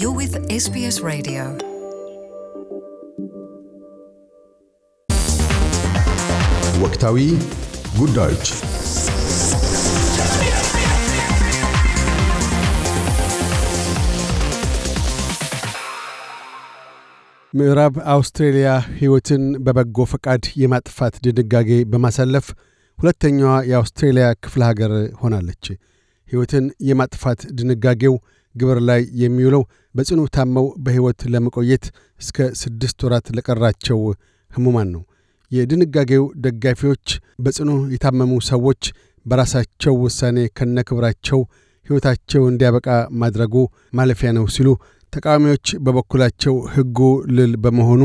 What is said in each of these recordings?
You're with SBS Radio. ወቅታዊ ጉዳዮች ምዕራብ አውስትሬልያ ሕይወትን በበጎ ፈቃድ የማጥፋት ድንጋጌ በማሳለፍ ሁለተኛዋ የአውስትሬልያ ክፍለ ሀገር ሆናለች። ሕይወትን የማጥፋት ድንጋጌው ግብር ላይ የሚውለው በጽኑ ታመው በሕይወት ለመቆየት እስከ ስድስት ወራት ለቀራቸው ህሙማን ነው። የድንጋጌው ደጋፊዎች በጽኑ የታመሙ ሰዎች በራሳቸው ውሳኔ ከነክብራቸው ሕይወታቸው እንዲያበቃ ማድረጉ ማለፊያ ነው ሲሉ፣ ተቃዋሚዎች በበኩላቸው ሕጉ ልል በመሆኑ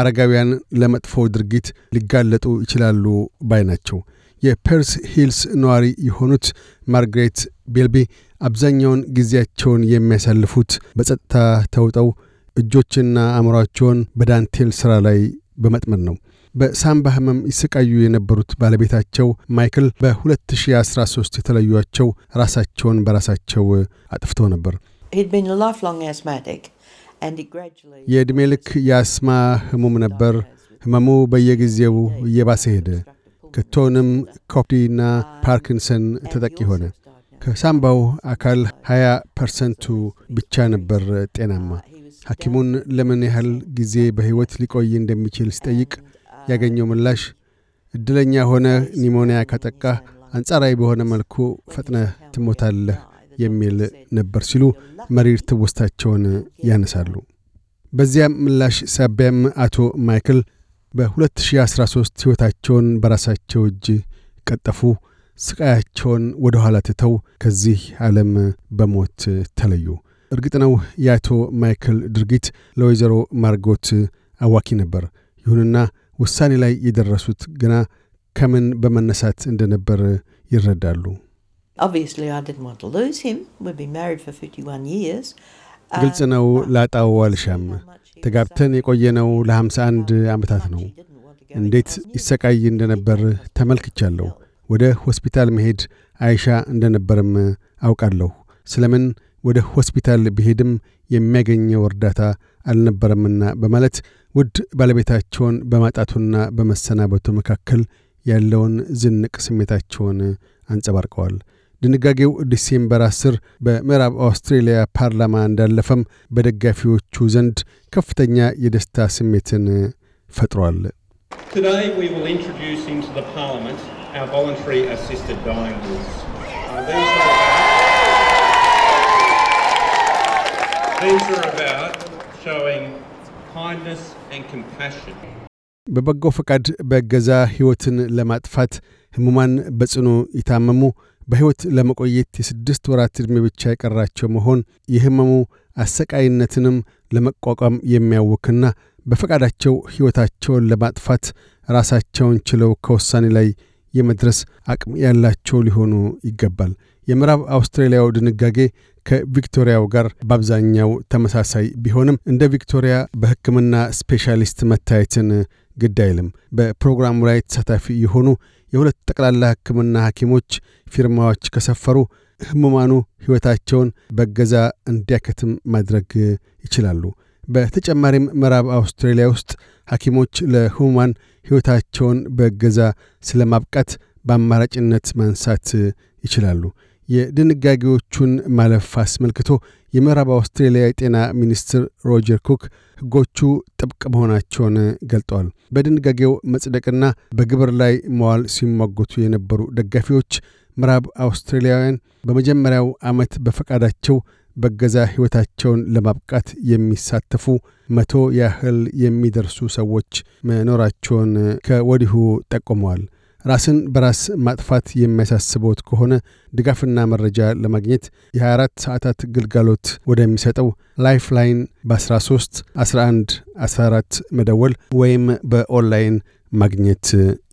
አረጋውያን ለመጥፎ ድርጊት ሊጋለጡ ይችላሉ ባይ ናቸው። የፐርስ ሂልስ ነዋሪ የሆኑት ማርግሬት ቤልቢ አብዛኛውን ጊዜያቸውን የሚያሳልፉት በጸጥታ ተውጠው እጆችና አእምሯቸውን በዳንቴል ሥራ ላይ በመጥመድ ነው። በሳምባ ህመም ይሰቃዩ የነበሩት ባለቤታቸው ማይክል በ2013 የተለዩቸው ራሳቸውን በራሳቸው አጥፍተው ነበር። የዕድሜ ልክ የአስማ ህሙም ነበር። ህመሙ በየጊዜው እየባሰ ሄደ። ክቶንም ኮፕዲና ፓርኪንሰን ተጠቂ ሆነ። ከሳምባው አካል 20 ፐርሰንቱ ብቻ ነበር ጤናማ። ሐኪሙን ለምን ያህል ጊዜ በሕይወት ሊቆይ እንደሚችል ሲጠይቅ ያገኘው ምላሽ ዕድለኛ ሆነ ኒሞኒያ ካጠቃ አንጻራዊ በሆነ መልኩ ፈጥነ ትሞታለህ የሚል ነበር ሲሉ መሪር ትውስታቸውን ያነሳሉ። በዚያም ምላሽ ሳቢያም አቶ ማይክል በ2013 ሕይወታቸውን በራሳቸው እጅ ቀጠፉ። ስቃያቸውን ወደ ኋላ ትተው ከዚህ ዓለም በሞት ተለዩ። እርግጥ ነው የአቶ ማይክል ድርጊት ለወይዘሮ ማርጎት አዋኪ ነበር። ይሁንና ውሳኔ ላይ የደረሱት ገና ከምን በመነሳት እንደነበር ይረዳሉ። ግልጽ uh, ነው ላጣው አልሻም። ተጋብተን uh, የቆየነው ለ51 ዓመታት ነው። እንዴት ይሰቃይ እንደነበር ተመልክቻለሁ። ወደ ሆስፒታል መሄድ አይሻ እንደነበርም አውቃለሁ። ስለምን ወደ ሆስፒታል ቢሄድም የሚያገኘው እርዳታ አልነበረምና በማለት ውድ ባለቤታቸውን በማጣቱና በመሰናበቱ መካከል ያለውን ዝንቅ ስሜታቸውን አንጸባርቀዋል። ድንጋጌው ዲሴምበር 10 በምዕራብ አውስትሬልያ ፓርላማ እንዳለፈም በደጋፊዎቹ ዘንድ ከፍተኛ የደስታ ስሜትን ፈጥሯል። our voluntary assisted dying rules. Uh, these, are about, these are about showing kindness and compassion. በበጎ ፈቃድ በገዛ ሕይወትን ለማጥፋት ህሙማን በጽኑ የታመሙ በሕይወት ለመቆየት የስድስት ወራት ዕድሜ ብቻ የቀራቸው መሆን የህመሙ አሰቃይነትንም ለመቋቋም የሚያውክና በፈቃዳቸው ሕይወታቸውን ለማጥፋት ራሳቸውን ችለው ከውሳኔ ላይ የመድረስ አቅም ያላቸው ሊሆኑ ይገባል። የምዕራብ አውስትራሊያው ድንጋጌ ከቪክቶሪያው ጋር በአብዛኛው ተመሳሳይ ቢሆንም እንደ ቪክቶሪያ በሕክምና ስፔሻሊስት መታየትን ግድ አይልም። በፕሮግራሙ ላይ ተሳታፊ የሆኑ የሁለት ጠቅላላ ሕክምና ሐኪሞች ፊርማዎች ከሰፈሩ ህሙማኑ ሕይወታቸውን በገዛ እንዲያከትም ማድረግ ይችላሉ። በተጨማሪም ምዕራብ አውስትራሊያ ውስጥ ሐኪሞች ለሁማን ሕይወታቸውን በገዛ ስለ ማብቃት በአማራጭነት ማንሳት ይችላሉ። የድንጋጌዎቹን ማለፍ አስመልክቶ የምዕራብ አውስትሬልያ የጤና ሚኒስትር ሮጀር ኩክ ሕጎቹ ጥብቅ መሆናቸውን ገልጠዋል። በድንጋጌው መጽደቅና በግብር ላይ መዋል ሲሟገቱ የነበሩ ደጋፊዎች ምዕራብ አውስትሬልያውያን በመጀመሪያው ዓመት በፈቃዳቸው በገዛ ሕይወታቸውን ለማብቃት የሚሳተፉ መቶ ያህል የሚደርሱ ሰዎች መኖራቸውን ከወዲሁ ጠቁመዋል። ራስን በራስ ማጥፋት የሚያሳስቦት ከሆነ ድጋፍና መረጃ ለማግኘት የ24 ሰዓታት ግልጋሎት ወደሚሰጠው ላይፍ ላይን በ13 11 14 መደወል ወይም በኦንላይን ማግኘት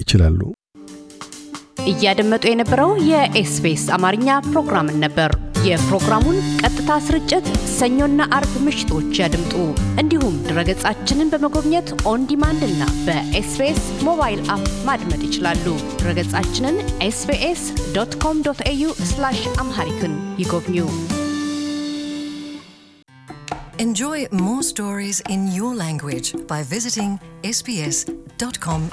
ይችላሉ። እያደመጡ የነበረው የኤስቢኤስ አማርኛ ፕሮግራምን ነበር። የፕሮግራሙን ቀጥታ ስርጭት ሰኞና አርብ ምሽቶች ያድምጡ። እንዲሁም ድረገጻችንን በመጎብኘት ኦን ዲማንድ እና በኤስቢኤስ ሞባይል አፕ ማድመጥ ይችላሉ። ድረገጻችንን ኤስቢኤስ ዶት ኮም ዶት ኤዩ አምሃሪክን ይጎብኙ። Enjoy more stories in your language by visiting sbs.com.au.